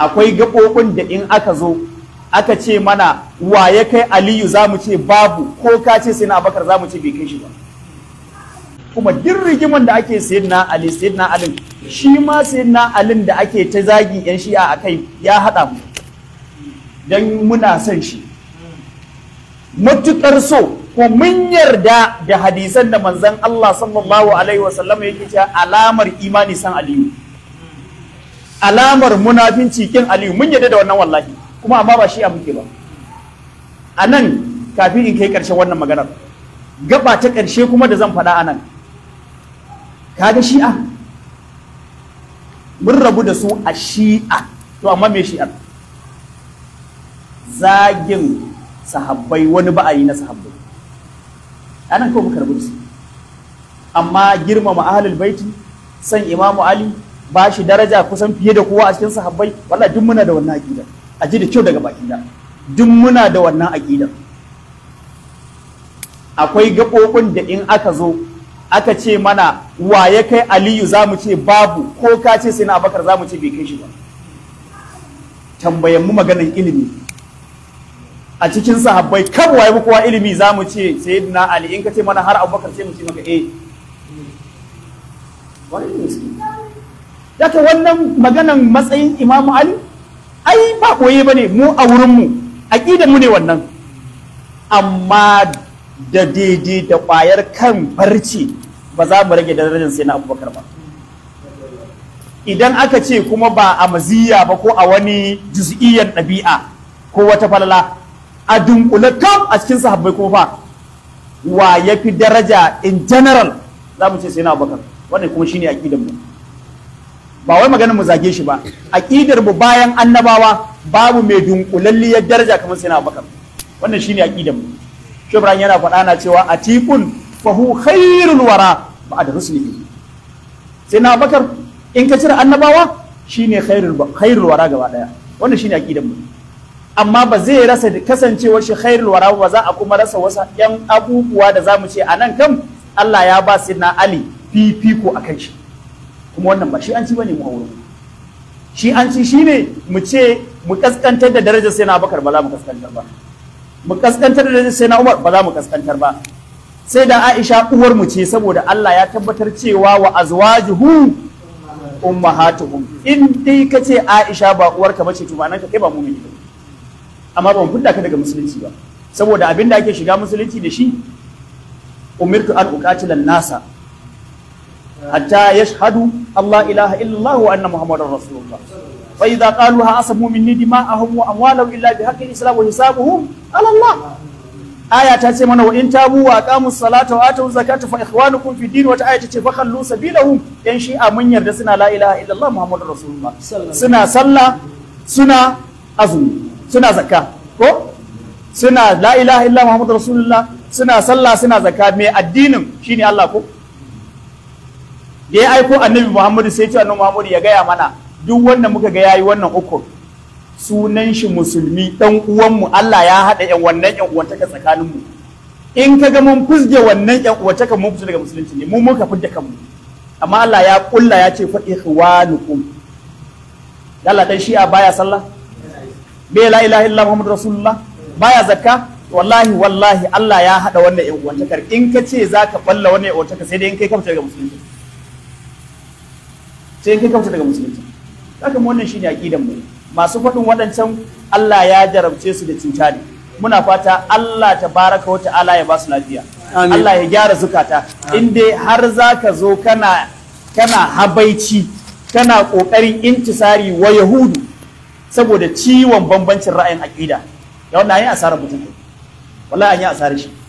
akwai gaɓoɓin da in aka zo aka ce mana wa ya kai aliyu za mu ce babu ko ka ce sai na abakar za mu ce bai kai shi ba kuma duk rigiman da ake sayin na ali sayin na alin shi ma sayin na alin da ake ta zagi yan shi'a a kai ya haɗa mu don muna son shi matuƙar so ko mun yarda da hadisan da manzon Allah sallallahu alaihi wasallam yake cewa alamar imani san aliyu alamar munafinci kin aliyu mun yadda da wannan wallahi kuma amma ba shi a muke ba a nan kafin in kai ƙarshen wannan maganar gaba ta ƙarshe kuma da zan faɗa a nan kaga shi'a mun rabu da su a shi'a to amma me shi'a zagin sahabbai wani ba a yi na sahabbai a nan kawai muka rabu da su amma girmama ahalul baiti san imamu ali ba shi daraja kusan fiye da kowa a cikin sahabbai walla duk muna da wannan aqida a ji da kyau daga bakin da duk muna da wannan aqida akwai gabobin da in aka zo aka ce mana wa ya kai aliyu za mu ce babu ko ka ce sai na abakar za mu ce bai kai shi ba tambayan mu maganar ilimi a cikin sahabbai kan waye kowa ilimi za mu ce sayyidina ali in ka ce mana har abubakar sai mu ce maka eh wani ne daga wannan maganan matsayin imamu ali ai ba ɓoye ba ne mu a wurinmu aƙida mu ne wannan amma da daidai da ƙwayar kan barci ba za mu rage darajar sai na abubakar ba idan aka ce kuma ba a maziya ba ko a wani juz'iyyar ɗabi'a ko wata falala a dunkule kam a cikin sahabbai ko fa wa ya fi daraja in general za mu ce sai na abubakar wannan kuma shine aƙidar mu ba wai maganar mu zage shi ba aqidar mu bayan annabawa babu mai dunkulalliyar daraja kamar sai na bakar wannan shine aqidar mu shibran yana faɗa na cewa atiqun fa hu khairul wara ba'da rusulihi sai na bakar in ka cire annabawa shine khairul khairul wara gaba daya wannan shine aqidar mu amma ba zai rasa kasancewar shi khairul wara ba za a kuma rasa wasa yan abubuwa da zamu ce anan kam Allah ya ba na Ali fifiko akan shi kuma wannan ba shi an ci bane mu a wurin shi an ci shine mu ce mu kaskantar da darajar sai na Abakar ba za mu kaskantar ba mu kaskantar da darajar sai na Umar ba za mu kaskantar ba sai da Aisha uwar mu ce saboda Allah ya tabbatar cewa wa azwajuhu ummahatuhum in dai ka ce Aisha ba uwar ka bace to ba nan ka kai ba mu ne amma ban fudda ka daga musulunci ba saboda abin da ake shiga musulunci da shi umirtu an uqatila nasa hatta yashhadu Allah ilaha illallah wa anna muhammadar rasulullah fa idza qaluha asabu minni dima'ahum wa amwalahum illa bihaqqi islam wa hisabuhum ala Allah aya ta ce mana wa in tabu wa aqamus salata wa atu zakata fa ikhwanukum fi din wata aya ta ce fa khallu sabilahum yan shi'a mun yarda suna la ilaha illallah muhammadur rasulullah suna sallah suna azumi suna zakka ko suna la ilaha suna sallah suna addinin shine Allah ko da ya aiko annabi muhammadu sai ce annabi muhammadu ya gaya mana duk wanda muka ga yayi wannan uku sunan shi musulmi dan uwanmu Allah ya haɗa yan wannan yan uwantaka tsakanin mu in ka ga mun fusge wannan yan uwantaka mun fita daga musulunci ne mu muka fidda kanmu amma Allah ya kulla ya ce fa ikhwanukum Allah dan shi'a baya sallah bai la ilaha illa muhammad rasulullah baya zakka wallahi wallahi Allah ya haɗa wannan yan uwantakar in ka ce zaka balla wannan yan uwantaka sai dai in kai ka fita daga musulunci sai kai kansa daga musulunci haka wannan shine aqidan mu masu faɗin waɗancan Allah ya jarabce su da cuta muna fata Allah tabaraka wa ta'ala ya ba su lafiya Allah ya gyara zukata in dai har zaka zo kana kana habaici kana kokarin intisari wa yahudu saboda ciwon bambancin ra'ayin aqida ya wannan ayi asarar mutum wallahi an yi asarar shi